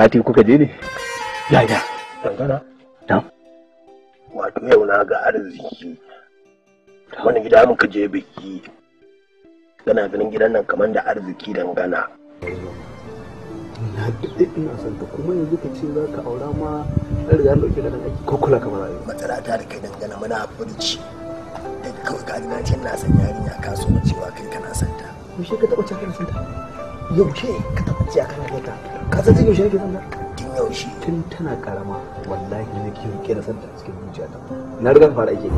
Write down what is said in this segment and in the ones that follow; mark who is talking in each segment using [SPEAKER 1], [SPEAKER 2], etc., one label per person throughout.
[SPEAKER 1] fati kuka je ne ya ya dangana ta wato yau na ga arziki wani gida muka je biki kana ganin gidan nan kamar da arziki dangana na daɗe ina son ta kuma yanzu ka ce za ka aura ma na riga na ɗauke da nan aiki ko kula kamar ayi matsala ta da kai dangana muna furci da kawai ka na ce na san yarinya ka so cewa kai kana son ta yaushe ka taɓa cewa kana son ta yaushe ka taɓa ciya kana gata ka san tun yaushe nake sanda tun yaushe tun tana karama wallahi ne ke rike da sanda cikin zuciya ta na riga fara ake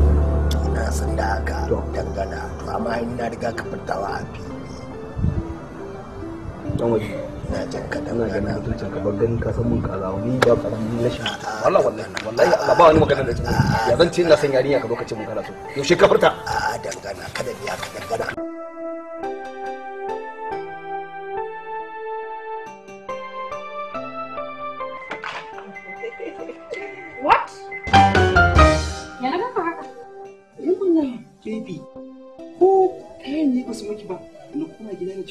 [SPEAKER 1] na san da haka dangana to amma in na riga ka fitawa a fili don waje na jan ka dan ganin mutuncin ka ban ganin ka san mun kaza ni ba karamin rashin wallahi wallahi wallahi Allah ba wani magana da ya zan ce ina san yarinya ka ka ce mun kana so yaushe ka furta a dangana kada ne ya ka dangana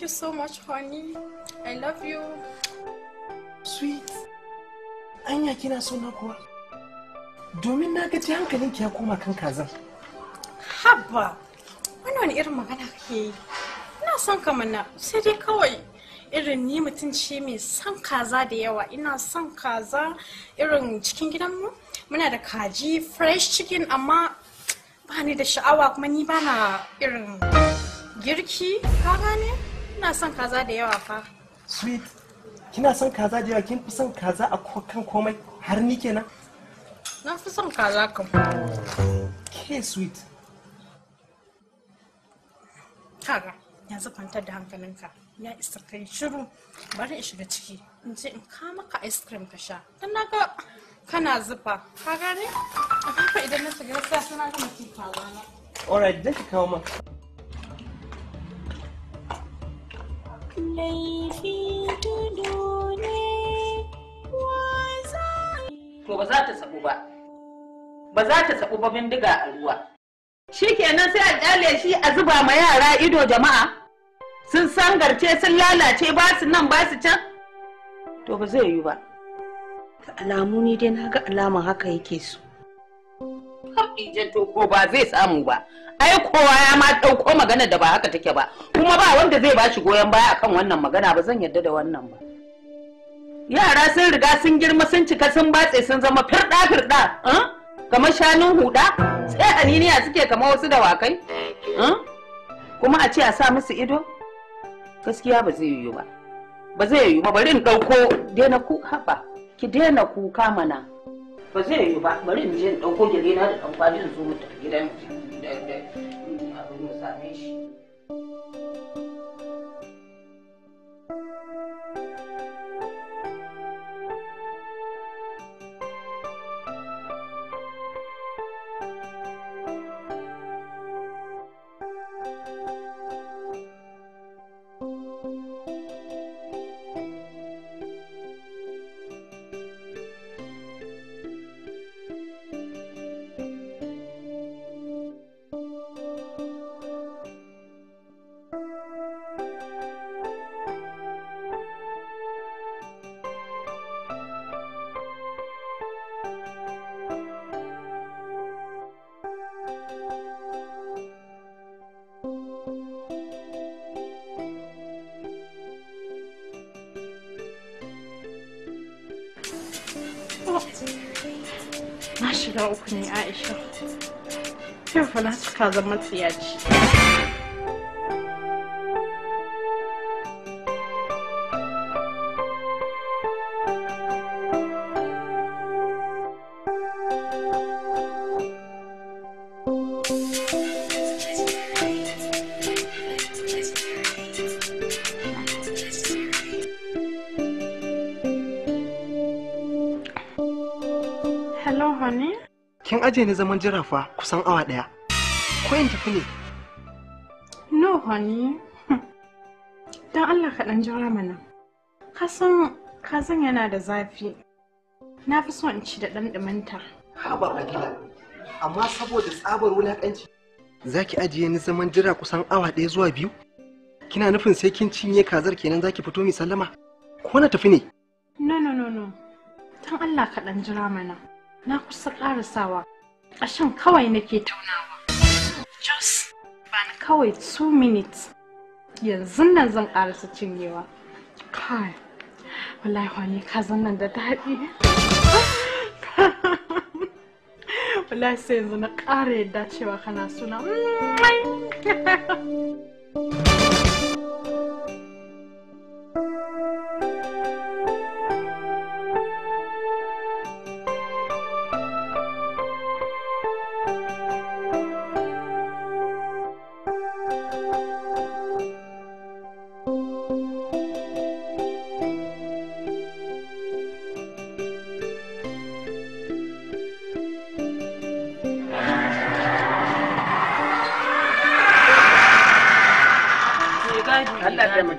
[SPEAKER 2] Thank you so much, honey. I love you. Sweet. Anya kina so na kuwa? Domin na gaji hankalinki ya koma kan kazan. Habba, wani wani irin magana kake yi? Ina son ka mana sai dai kawai irin ni mutum ce mai son kaza da yawa. Ina son kaza irin cikin gidanmu. Muna da kaji fresh chicken amma ba ni da sha'awa kuma ni bana irin girki ka gane? ina son kaza da yawa fa
[SPEAKER 1] sweet kina son kaza da yawa kin fi son kaza a kan komai har ni kenan
[SPEAKER 2] na fi son kaza kan ke sweet kaga yanzu kwantar da hankalinka ya isa kai shiru bari in shiga ciki in ce in ka maka ice cream ka sha Dan na ga kana zufa ka gane a haka idan na shiga sai suna ga mutum kaza na
[SPEAKER 1] alright dai ki kawo maka
[SPEAKER 2] laifi tudu
[SPEAKER 3] ne to ba za ta sabu
[SPEAKER 4] ba ba za ta sabu ba bindiga a ruwa Shi shikenan sai a kyale shi a zuba ma yara ido jama'a sun sangarce sun lalace ba su nan ba su can to ba zai yi ba alamu ni dai na ga alaman haka yake so ije ba zai samu ba ai kowa ya ma ɗauko magana da ba haka take ba kuma ba wanda zai bashi goyon baya akan wannan magana ba zan yarda da wannan ba yara sun riga sun girma sun cika sun batse sun zama firɗa firɗa eh? kamar shanun huda sai aniniya suke kama wasu da wakai. Eh? kuma a ce a sa musu ido gaskiya ba zai yiwu ba ba zai yiwu ba bari in ɗauko daina ku haɓa ki daina kuka mana ba zai yi ba bari in je in ɗauko gyale na da ɗan kwaji zo mu tafi gidan da mu same shi
[SPEAKER 2] na shiga uku ne aisha yau fa na cika zama tsiyaci ce ne zaman jira fa kusan awa ɗaya. Ko in tafi ne? No, honey. Hmm. Don Allah ka ɗan jira mana. Kasan kazan yana da zafi. Na fi son in ci da ɗan ɗumanta.
[SPEAKER 1] Ha ba amma saboda tsabar wulaƙanci. Za ki ajiye ni zaman jira kusan awa ɗaya zuwa biyu? Kina nufin sai kin cinye kazar kenan za ki fito mi sallama? Ko na tafi ne?
[SPEAKER 2] No, no, no, no. Don Allah ka ɗan jira mana. Na kusa ƙarasawa. shan kawai nake taunawa. Just ba kawai two minutes. Yanzu nan zan ƙarasa cinyewa. Kai, wallahi wani zan nan da daɗi. Wallahi sai yanzu na ƙara yadda cewa kana suna.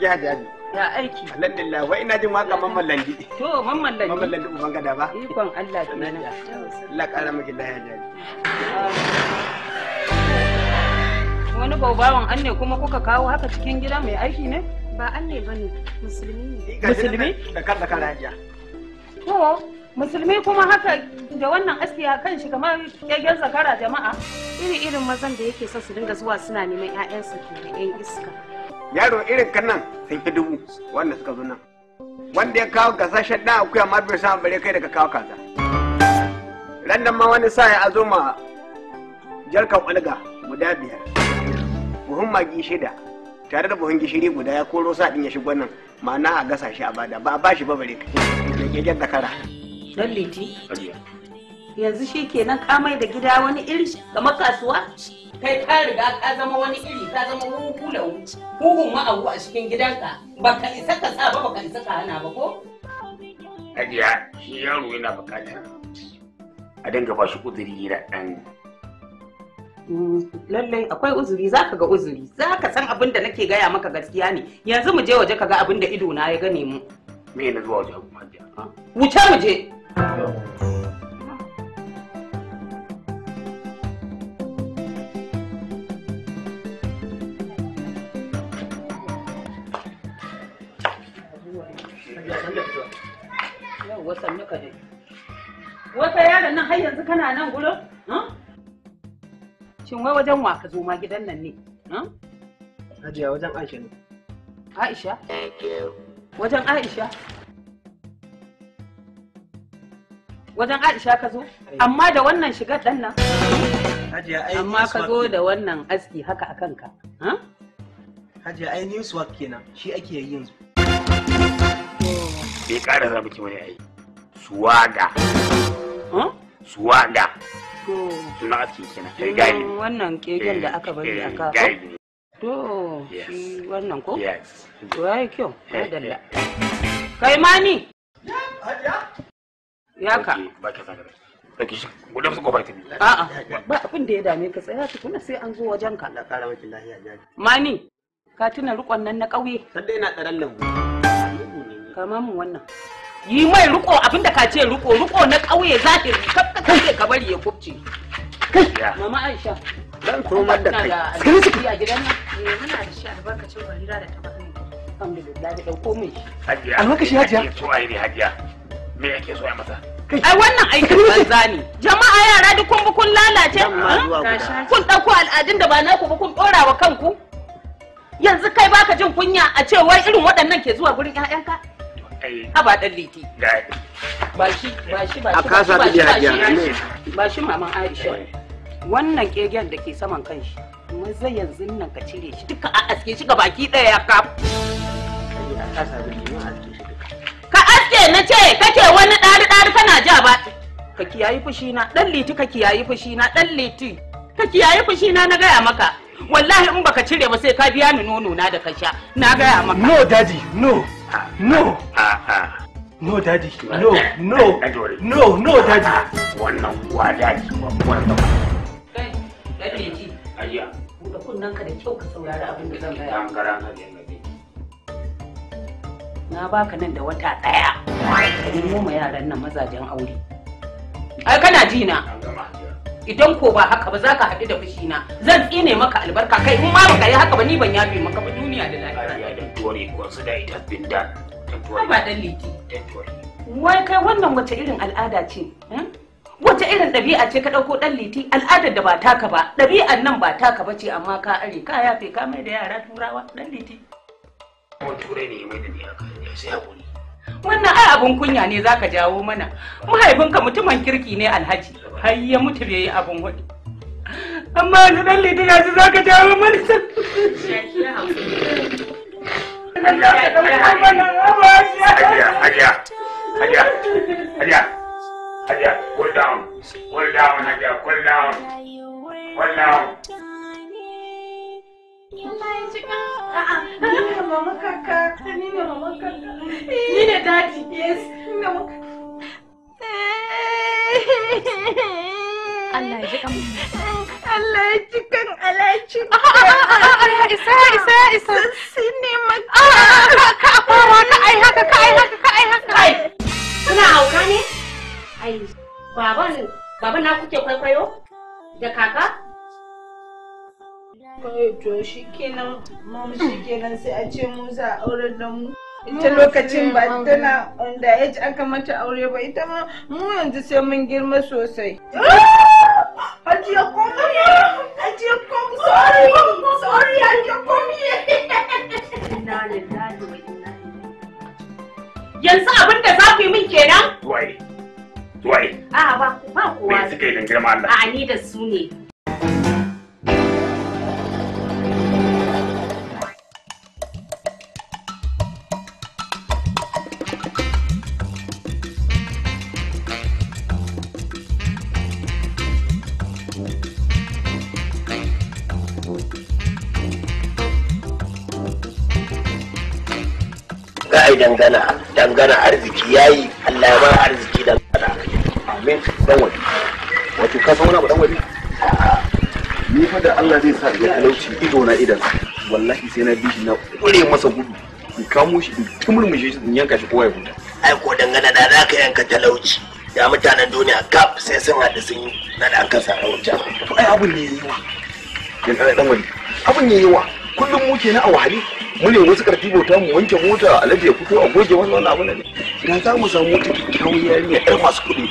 [SPEAKER 1] dai hajjaji ya aiki alhamdulillah wai ina jin waka mamman landi to mamman landi mamman landi uban gada ba ikon Allah kenan Allah kara miki lafiya hajjaji
[SPEAKER 4] ah. wani baubawan an ne kuma kuka kawo haka cikin gida mai aiki ne ba an ne ba ne musulmi ne
[SPEAKER 1] musulmi da kan da kan hajiya
[SPEAKER 4] to musulmi kuma haka da wannan asiya kan shi kamar yagen zakara jama'a iri irin mazan da yake so su dinga zuwa suna neman 'ya'yansu ke da
[SPEAKER 1] 'yan iska yaro irin kan nan sun fi dubu wanda suka zo nan wanda ya kawo gasashen ɗan akuya ma bai sa bare kai daga kawo kaza randan ma wani sa ya zo ma jarkan guda biyar buhun magi shida tare da buhun gishiri guda ya koro sa din ya shigo nan ma'ana a gasa shi a bada ba a bashi ba bare kai da da kara
[SPEAKER 4] yanzu shi kenan kamai da gida wani iri ga makasuwa. kai ka riga ka zama wani iri ka zama hukulan hukun ma'abu a cikin gidanka ba ka isa ka sa ba ba ka isa ka hana ba ko?
[SPEAKER 1] Hajiya shi yaro yana bukatar a dinga ba shi uzuri da ɗan.
[SPEAKER 4] Mm, lallai akwai uzuri za ka ga uzuri za ka san abin da nake gaya maka gaskiya ne yanzu mu je waje ka ga abin da ido na ya gane mu.
[SPEAKER 1] Me na zuwa waje hajiya?
[SPEAKER 4] Wuce mu je. ka dai wata yaron nan har yanzu kana nan gurin shin wai wajen wa ka zo ma gidan nan ne
[SPEAKER 1] hajiya wajen aisha ne
[SPEAKER 4] aisha wajen aisha wajen aisha ka zo eh. amma da wannan shigar dan nan amma ka zo da wannan aski haka a kanka
[SPEAKER 1] hajiya ai news work kenan shi ake yi yanzu bai ƙara za miki wani aiki suwaga suwaga suna aski kenan rigayi
[SPEAKER 4] wannan kegen da aka bari eh, eh, aka to shi wannan ko
[SPEAKER 1] to
[SPEAKER 4] yi kyau eh, dalla kai mani
[SPEAKER 1] yaka ba ka Baki shi, gudan su gobar A'a,
[SPEAKER 4] ba abin da ya dame ka tsaya tukuna sai an zo wajen ka. Allah ƙara maki lahiya Mani, ka tuna rikon nan na ƙauye.
[SPEAKER 1] Sadda yana lambu.
[SPEAKER 4] mu wannan. yi mai ruko abinda ka ce ruko ruko na ƙauye zahiri kaf ka kace ka bari ya kubce
[SPEAKER 1] kai mama aisha dan komar da kai sai
[SPEAKER 4] su a gidan nan eh, muna da shi albarkacin barira da bani alhamdulillah da dauko mai
[SPEAKER 1] hajiya albarkashi hajiya to ai ne hajiya me yake so ya
[SPEAKER 4] ai wannan aikin banza ne jama'a yara duk kun kun lalace kun dauko al'adun da ba naku ba kun dora wa kanku yanzu kai baka jin kunya a wai irin waɗannan ke zuwa gurin 'ya'yanka Eh. haba dan liti ba shi ba shi ba shi ba shi ba shi maman aisha eh. wannan kegen da ke saman kanshi maza yanzu nan ka cire shi duka a aske shi baki ɗaya ya kaf ka aske na ce kake wani ɗari ɗari kana ja ba ka kiyayi fushi na liti ka kiyayi fushi na liti ka kiyayi fushi na gaya maka wallahi in baka cire ba sai ka biya ni nono na da ka sha
[SPEAKER 1] na gaya maka no daddy no No! No, daddy. No, no. No, no, daddy. Wannan kuwa daddy eh, babbar da daddy
[SPEAKER 4] na baka nan da wata ɗaya. Ka nemo ma yaran nan mazajen aure. Ai kana ji na. An idan ko ba haka ba za ka haɗu da fushi na zan tsine maka albarka kai in ma baka yi haka ba ni ban
[SPEAKER 1] yafe maka ba duniya da lafiya ba dan liti
[SPEAKER 4] wai kai wannan wace irin al'ada ce hmm? wace irin ɗabi'a ce ka ɗauko ɗan liti al'adar da ba taka ba ɗabi'an nan ba taka ba ce amma ka are ka yafe ka mai da yara turawa ɗan liti.
[SPEAKER 1] Wani turai ne ya mai da ni ya sai haƙuri.
[SPEAKER 4] wannan ai abun kunya ne zaka jawo mana mahaifinka mutumin kirki ne alhaji har ya mutu bai yi abun hudu
[SPEAKER 3] amma wani dan lidi yanzu zaka jawo
[SPEAKER 4] mana
[SPEAKER 1] Hajiya, Hold down, hold down, hold down, hold down.
[SPEAKER 2] Allah ya ni ne mama kaka, ni ne mama kaka. Ni ne Ni ne mama kan kan isa isa haka ka haka suna
[SPEAKER 4] ne? baban na kuke kwaikwayo?
[SPEAKER 2] Da kaka? to shi kenan mom shi kenan sai a ce mu za a aurar da mu ita lokacin ba tana
[SPEAKER 3] da age aka mata aure ba ita ma mu yanzu sai mun girma sosai Ajiya komi Ajiya komi sorry sorry Ajiya komi Inna lillahi wa inna
[SPEAKER 4] Yanzu abin da za ku yi min kenan?
[SPEAKER 1] Wai. Wai.
[SPEAKER 4] A ba ba kowa. Me suka yi girma Allah? A ni da su ne.
[SPEAKER 1] dangana dangana arziki yayi Allah ya ba arziki dangana amin dan wani wato ka san wani abu dan wani ni fa da Allah zai sa ya talauci ido na idan wallahi sai na bishi na kure masa gudu in kamo shi in tumurmushe shi in yanka shi kowa ya huta ai ko dangana da za ka yanka talauci da mutanen duniya kaf sai sun haɗu sun na da aka sa wajen to ai abun ne yayi wa dan wani abun ne yayi kullum mu na a wahali Mun ne wasu karfi bauta mu wanke mota a lafiya fito a goge wani wani abu ne da za mu samu wata kyakkyawan yarinya yar masu kuɗi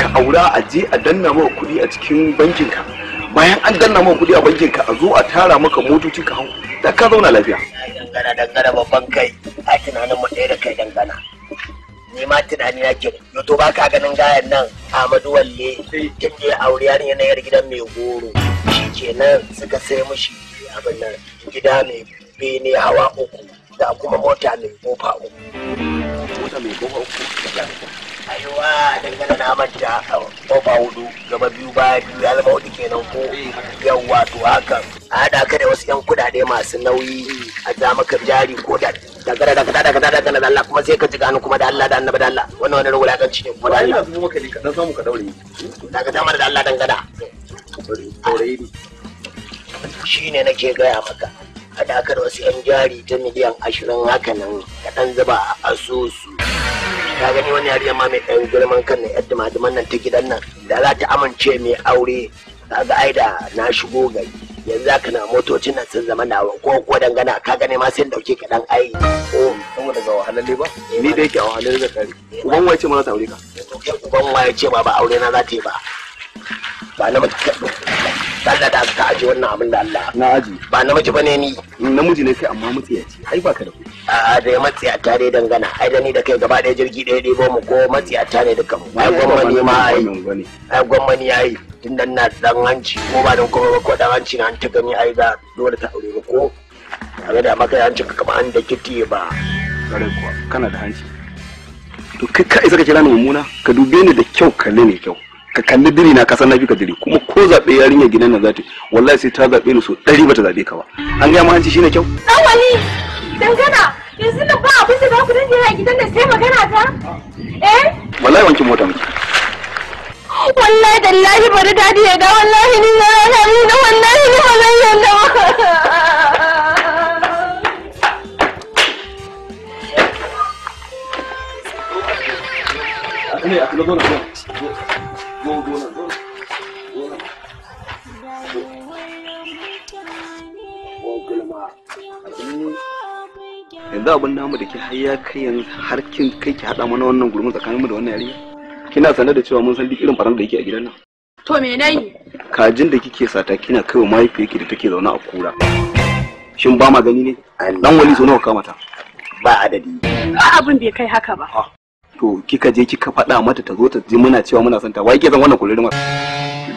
[SPEAKER 1] ka aura a je a danna maka kuɗi a cikin bankin ka bayan an danna maka kuɗi a bankin ka a zo a tara maka motoci ka hau da ka zauna lafiya dangana dangana babban kai a tunanin mu ɗaya da kai dangana ni ma tunani na ke to ba ka ganin gayan nan Amadu Walle kin je aure yarinya yanayar gidan mai goro shikenan suka sai mushi abin nan gida mai bene hawa uku da kuma mota mai kofa uku mota mai kofa uku aiwa dangane na manta kofa hudu gaba biyu baya biyu ya zama hudu kenan ko eh, yawwa to haka a haɗa ka da wasu yan kudade masu nauyi a za maka jari ko da dangane da kada da kada da kada da Allah kuma sai ka ji gani kuma da Allah da annabi da Allah wannan wani wulakanci ne kuma da Allah kuma maka ne ka dan samu ka daure daga dama da Allah dangana shi ne nake gaya maka hadakar wasu 'yan jari ta miliyan ashirin haka nan kaɗan zuba a asusu ta gani wani yari ma mai ɗan girman kan na yadda maduman nan ta gidan nan da za ta amince mai aure ta ga aida na shigo gari yanzu haka na motocin nan sun zama nawa ko ko dangana ka gane ma sai dauke ka ai ko oh, saboda ga wahalalle ba eh, ni da yake eh, a wahalalle da kare uban waye ce ma za ta aure ka uban waye ce ba ba aure na za ta yi ba ba na mata kaga da ka aje wannan abin da Allah na aji ba namiji bane ni mm, namiji ne sai amma ce. ai ba ka da ku. a da a tare dangana ai da ni da kai gaba ɗaya jirgi ɗaya ɗebo mu ko matsiyata ne dukan ai gwamma ne ma ai ai gwamma ya ai tun dan na dan hanci ko ba dan kuma ko dan hanci na an ta gani ai da dole ta aure ko a da maka hanci ka kama an da kiti ba kare kuwa kana da hanci to kai ka isa ka kira ni mummuna ka dube ni da kyau kalle ne kyau ka kalli biri na kasan na fi ka biri kuma ko zaɓe yarinya gidan na zata wallahi sai ta zaɓe ni so ɗari bata zaɓe ka ba an gaya mahanci hanci shine kyau
[SPEAKER 4] dan wani dangana yanzu na ba abin da za ku dinga a gidan da sai magana ta eh
[SPEAKER 1] wallahi wankin mota muke.
[SPEAKER 4] wallahi dallahi bari dadi ya da wallahi ni na rami na wallahi ni ba zan yanda ba
[SPEAKER 1] Ne, akıllı olun. yanzu abin namu da ke har ya kai yanzu har kin kai ki haɗa mana wannan gurmin tsakanin mu da wannan yarinya kina sanar da cewa mun san duk irin faran da yake a gidan nan
[SPEAKER 2] to me nayi
[SPEAKER 1] kajin da kike sata kina kai wa mahaifiyarki da take zaune a kura shin ba magani ne dan wali zo nawa ta. ba adadi
[SPEAKER 2] ba abin bai kai haka ba ah.
[SPEAKER 1] to kika je kika faɗa mata ta zo ta ji muna cewa muna santa wai ke san wannan kullum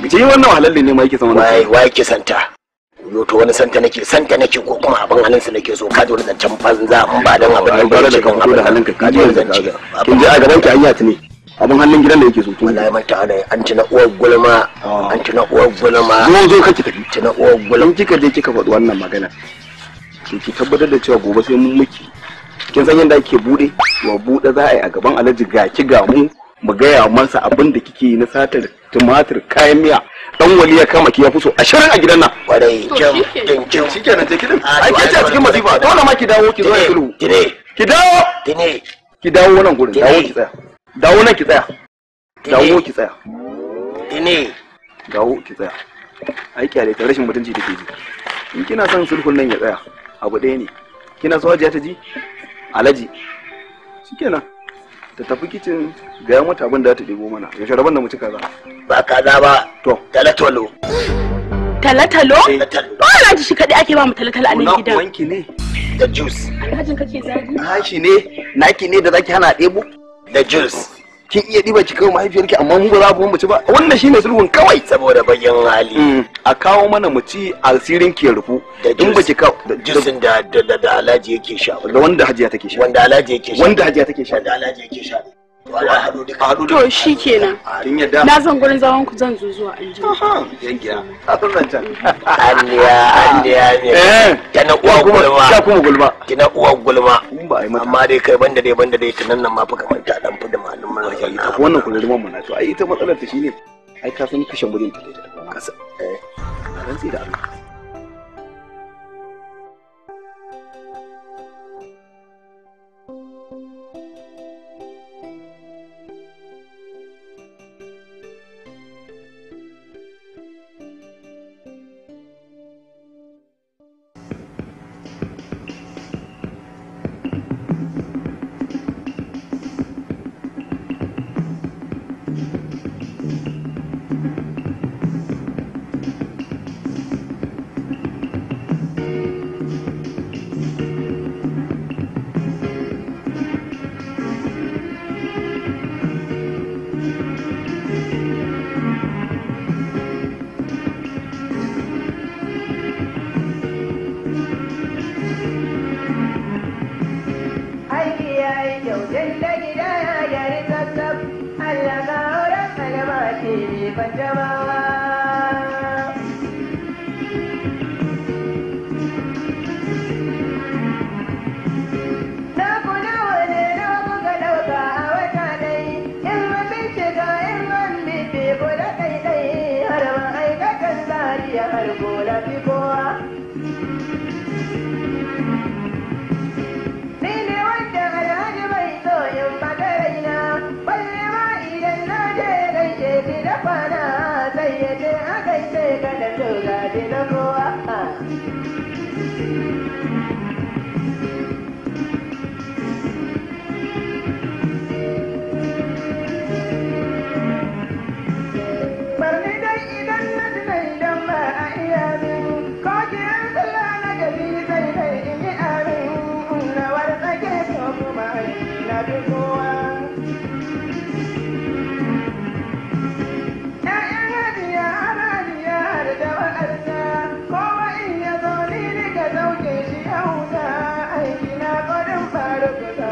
[SPEAKER 1] je wannan halalle ne ma yake san wannan wai wai ke santa yo to wani santa nake santa nake ko kuma abin halin su nake so ka ji wani zancen banza in ba dan abin nan ba ce kan halin ka ka ji wani zance kin ji a gaban ki anya ne abin halin gidan da yake so wallahi mai ta'ala an tuna uwar gulma ah. an tuna uwar gulma zo zo kake tafi tuna uwar gulma kika je kika faɗi wannan magana ki tabbatar da cewa gobe sai mun miki kin san yadda ake bude wa bude za a yi a gaban alhaji ga ki ga mu mu gaya masa abin da kike na satar tumatir kayan miya dan wali ya kama ki ya fi so ashirin a gidan nan kwarai kyau kyau shikenan je kidan ai ke ce a cikin masifa dole ma ki dawo ki zo ya sulhu ki dawo ki dawo nan gurin dawo ki tsaya dawo nan ki tsaya dawo ki tsaya dawo ki tsaya ai kyale ta rashin mutunci ke ji in kina son sulhun nan ya tsaya abu ɗaya ne kina so hajiya ta ji alaji shikenan ta tafi kicin ga ya mata abin da ta debo mana ya shara banda mu ci kaza ba kaza ba to talatalo talatalo eh, ba na ji shi kadai ake ba mu talatalo a nan gidan wanki ne da juice
[SPEAKER 2] alhajin kake zagi
[SPEAKER 1] hashi ne naki ne da zaki hana ɗebo da juice kin iya diba ki kawo mahaifiyarki amma mu ba za mu mace ba wannan shine sulhun kawai saboda bayan hali mm. a kawo mana mu ci asirin ke rufu in ba ki kawo jisin da da alaji yake sha wanda hajiya take sha wanda alhaji yake sha wanda hajiya take sha wanda alhaji yake sha to shi kenan na
[SPEAKER 2] zan gurin zaman ku zan zo zuwa an ta
[SPEAKER 1] eh. na uwa gulma ta kuma gulma kina uwa gulma amma dai kai banda dai banda dai tunan nan ma fa kamar ta dan fi da malum mun wannan kullum mun na to ai ita matsalar ta shine ai ka san kashe gurin ta da kasa eh ran sai da Allah Right up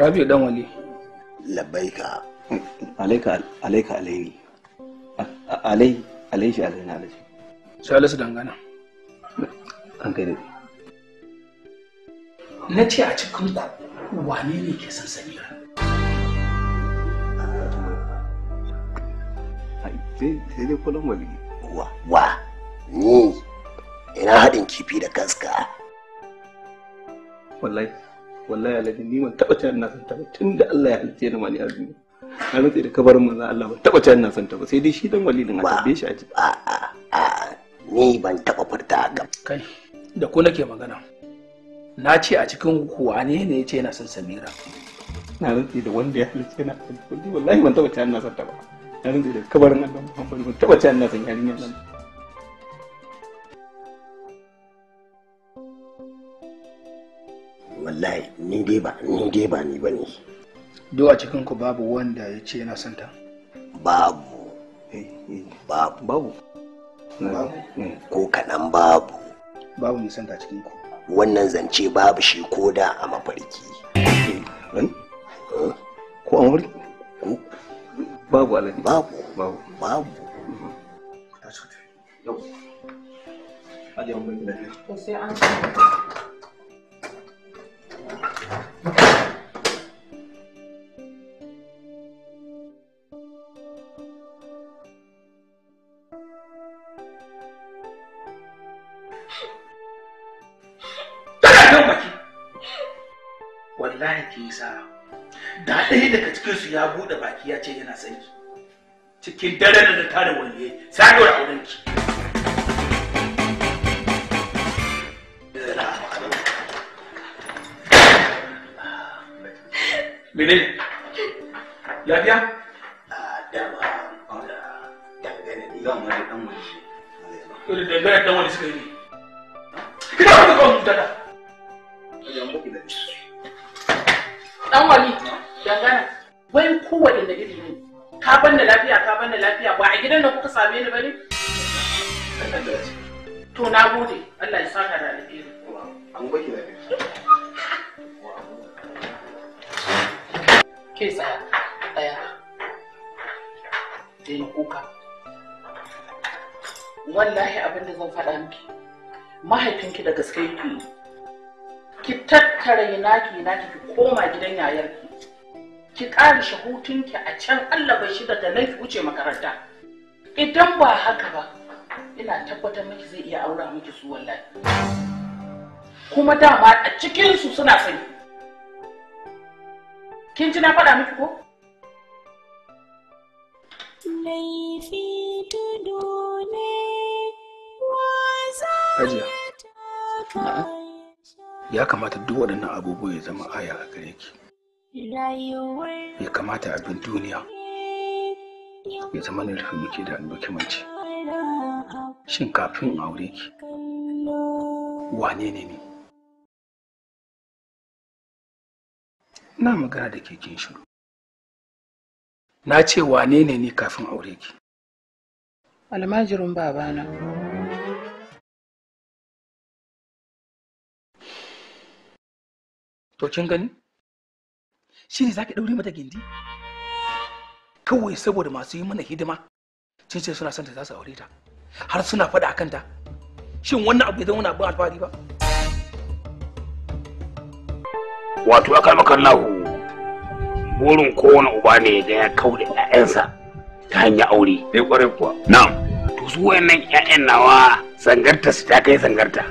[SPEAKER 1] Rabi'u dan wali. Labbaika. Alaika alaika alaini. Alai alai shi alaina alai alaishi. su dangana. An kai ne Na ce a cikin ku wane ne ke san Samira? Sai dai kwallon wali. Wa wa ni ina haɗin kifi da kaska. Wallahi. wallahi alladin ni ban taba tunanin na san ta ba tunda Allah ya halice ni ma azumi na rantsa da kabarin manzo Allah ban taba tunanin na san ta ba sai dai shi dan walilin a tabbe shi a ji a a ni ban taba furta ga kai da ku nake magana na ce a cikin kuwa ne ya ce yana son samira na rantsi da wanda ya halice ni wallahi ban taba tunanin na san ta ba na rantsi da kabarin Allah ban taba tunanin na san yarinyar nan wallahi ni dai ba ni dai ba ni bane do a cikin ku babu wanda ya ce yana santa eh, eh. babu babu babu eh. ko kaɗan babu babu mai santa cikin ku wannan zance babu shi ko da a mafarki ko an wuri ko babu alaji babu babu babu
[SPEAKER 2] Yau. Adiyan mai gida. Ko sai an
[SPEAKER 1] wallahi ki yi sa'a da ɗaya daga cikinsu ya buɗe baki ya ce yana sanki cikin dare da ta da waliye sai a aurenki Lafiya? A dama da dangane da yawan wani dan wani. da dangane da wani suka yi Kina kawai
[SPEAKER 2] Dan wani Wai kowane da iri ne.
[SPEAKER 4] Ka lafiya
[SPEAKER 2] ka lafiya ba a gidan da kuka same ni
[SPEAKER 4] naki naki ki koma gidan yayarki ki ƙari shahutunki a can Allah bai shiga da nan wuce makaranta idan ba haka ba ina tabbatar miki zai iya aura miki su wallahi kuma dama a cikin su suna sani kin ji na faɗa miki ko
[SPEAKER 3] laifi tudu
[SPEAKER 1] ya kamata duk waɗannan abubuwa ya zama aya a gare ki ya kamata abin duniya ya zama na rufe muke da albukimanci shin kafin aure ki wane ne ne
[SPEAKER 3] na magana da keken shiru na ce wane ne ne kafin aure ki almajirin babana
[SPEAKER 1] to kin gani shi ne zaki daure mata gindi kawai saboda masu yi mana hidima cin ce suna son ta za su aure ta har suna faɗa a ta, shin wannan abu zama wani abin alfahari ba wato aka maka lahu burin kowane uba ne da ya kau da 'ya'yansa ta hanyar aure sai eh, kwarai kuwa na'am to su wayannan 'ya'yan nawa sangarta su ta kai sangarta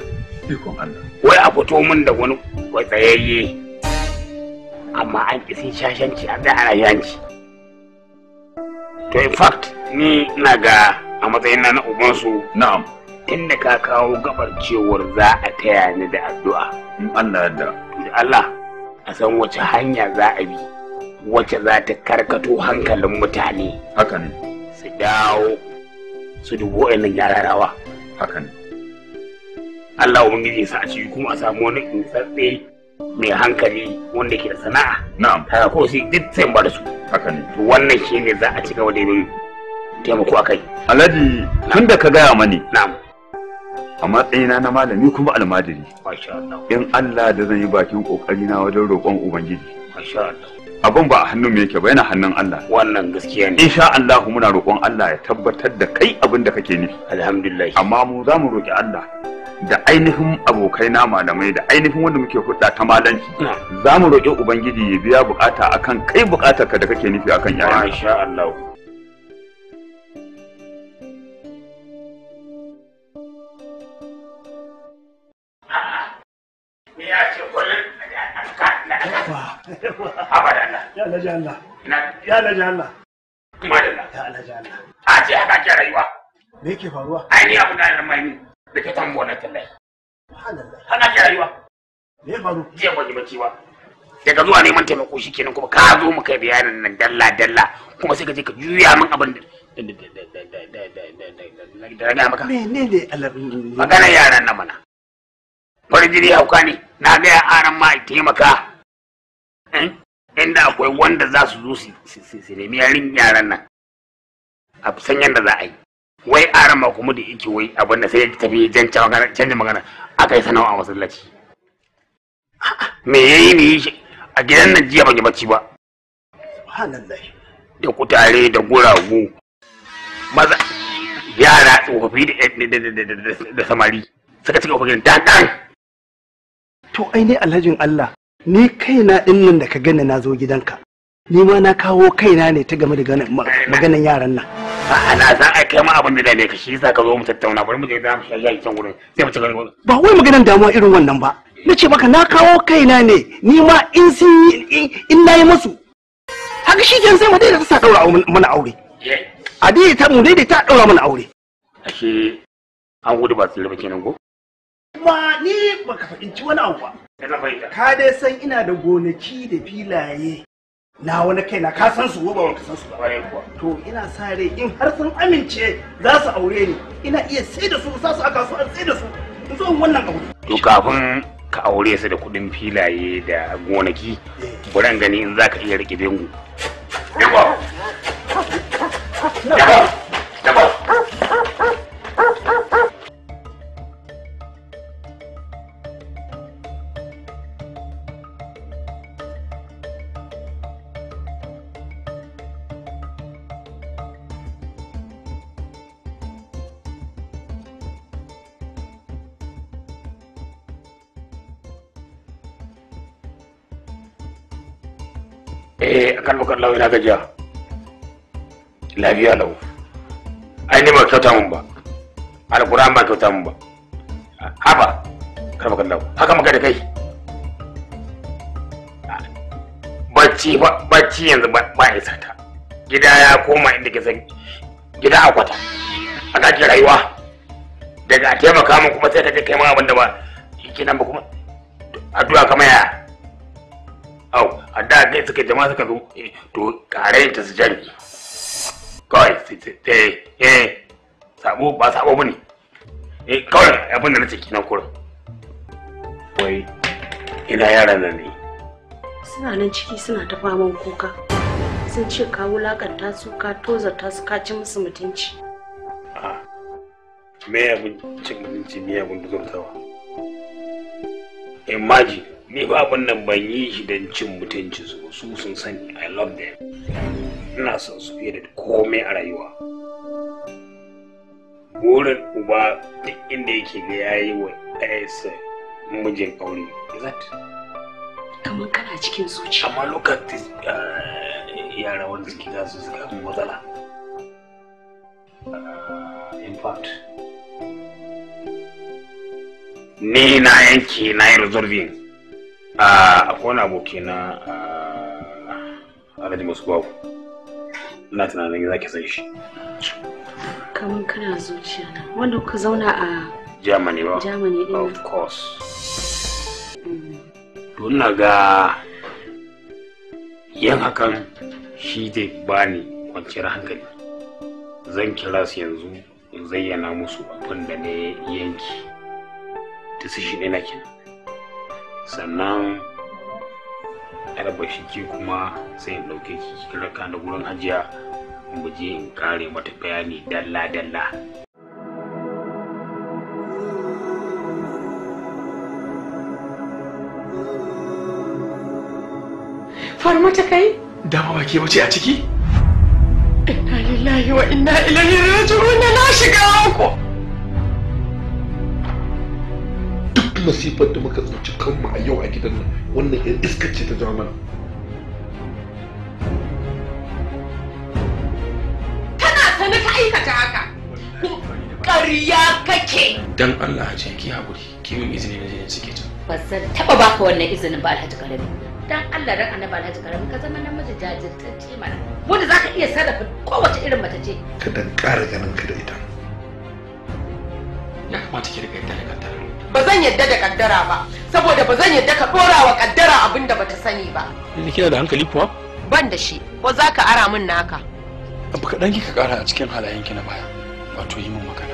[SPEAKER 1] ikon Allah wai a fito min da wani watsayayye amma an ƙi sun shashanci an da ana yanci to in fact ni na ga a matsayin na ubansu na'am inda ka kawo gabar cewar za a taya ni da addu'a in Allah yadda da Allah a san wace hanya za a bi wace za ta karkato hankalin mutane Hakan. su dawo su dubo ilin yararawa haka Allah ubangiji sa a ciki kuma a samu wani intsatse mai hankali wanda ke da sana'a na'am haka ko sai duk sai ba da su haka ne to wannan shine za a ci gaba da yin taimako kai. alhaji tun da ka gaya mani na'am a matsayina na malami kuma almajiri in Allah da zan yi bakin kokari na wajen roƙon ubangiji abin ba a hannun mai yake ba yana hannun Allah wannan gaskiya ne insha Allah muna roƙon Allah ya tabbatar da kai abin da kake nufi alhamdulillah amma mu za mu roƙi Allah da ainihin abokai na malamai da ainihin wanda muke hudda ta malanci za mu roƙi ubangiji ya biya bukata akan kai ka da kake nufi akan yayan insha Allah Ya Alhaji Allah. Ya Alhaji Allah. Ya Alhaji Allah. A ce haka ke rayuwa. Me yake faruwa? Ai ni abu da mai da ke tambo na tallahi hana ki rayuwa me faru jiya ban yi bacci ba daga zuwa neman taimako shi kenan kuma ka zo mu kai bayanin nan dalla dalla kuma sai ka je ka juya min abin da da raga maka menene alabin magana yaran nan mana farin jini hauka ne na ga aran ma taimaka inda akwai wanda za su zo su nemi yarin yaran nan a san da za a yi wai aran ma kuma da yake wai abinda sai ya tafi canjin magana aka yi sanawa a masallaci me ya yi shi a gidan nan jiya yi bacci ba da kutare da guragu maza yara tsofaffi da samari suka cika ofagin dandan to ai ne alhajin Allah ni kaina din nan da ka gani na zo gidanka ni ma na kawo kaina ne ta game da maganan yaran nan ana za a kai ma abin da dame ka shi yasa ka zo mu tattauna bari mu je da mu shayi can gurin sai mu ci gani ba wai maganar damuwa irin wannan ba na ce maka na kawo kaina ne ni ma in sun in nayi musu haka shi kenan sai mu daidaita sa daura mana aure a daidaita mu daidaita daura mana aure ashe an gudu ba tsira ba kenan ko ba ni baka fahimci wani abu ba ka dai san ina da gonaki da filaye na wani kai na kasan su ba ka san su ba to ina sa rai in har sun amince za su aure ni ina iya sai da su sa su a kasuwa sai da su in zo wannan abu to kafin ka aure su da kudin filaye da gonaki buran gani in za ka iya rike bengu yawa Allah ina gajiya lafiya lau ai ne ba kyauta mun ba alkur'an ba kyauta mun ba haba karba kallahu haka maka da kai bacci bacci yanzu ba isa ta gida ya koma inda ke san gida a kwata a kake rayuwa daga a taimaka kama kuma sai ka je kai ma abin da ba kenan ba kuma addu'a kama ya au a da gai suka jama suka zo eh, to tare ta su jari kawai eh eh sabo ba sabo bane eh kawai abin da nace kina na wai ina yara nan ne
[SPEAKER 2] suna nan ciki suna ta faman kuka sun
[SPEAKER 4] ce ka wulakanta su ka ta su ka ci musu mutunci a ah,
[SPEAKER 1] me abin cin mutunci me abin tozartawa imagine ni ba abin nan ban yi shi don cin mutunci su su sun sani i love them ina son su fiye da komai a rayuwa burin uba duk inda yake ga yi wa ɗayarsa mijin aure that kamar kana cikin zuciya amma lokacin ah, yara wanda suke za su mu matsala ah, in fact ni na yanke na yi resolving a kona aboki na alhaji musbawu ina tunanin za ki san shi
[SPEAKER 2] kamun kana zuciya na
[SPEAKER 4] wanda kuka zauna a
[SPEAKER 1] germany ba germany of course Don mm. ga yan hakan shi zai bani kwanciyar hankali zan kira su yanzu in zayyana musu abin da na yanki ta su shi ne na kenan sannan yarba shi ke kuma sai in ɗauke ki kirka na gurin ajiya mu je in kare mata bayani dalla-dalla
[SPEAKER 2] farma mata kai
[SPEAKER 1] dama ba ke wace a ciki inna lillahi wa inna ilaihi raji'un na shiga ko masifar da muka tsinci kanmu a yau a gidan nan wannan yan iska ce ta jawo mana
[SPEAKER 4] kana sani ka aikata haka ƙarya kake
[SPEAKER 1] dan Allah ce ki haƙuri ki min izini na jini cike ta
[SPEAKER 4] ba zan taɓa baka wannan izinin ba Alhaji Karami dan Allah ran annabi Alhaji Karami ka zama namiji jajirtacce mana wanda ka iya sarrafa kowace irin mace ce
[SPEAKER 1] ka dan ƙara ganin ka da ita ya kamata ki riga ita da kanta
[SPEAKER 4] ba zan yadda da kaddara ba saboda ba zan yadda ka dora wa kaddara abin da bata sani ba
[SPEAKER 1] ni kina da hankali kuwa
[SPEAKER 4] ban da shi ko zaka ara min naka
[SPEAKER 1] abu kaɗan kika ƙara a cikin halayenki na baya wato yi min magana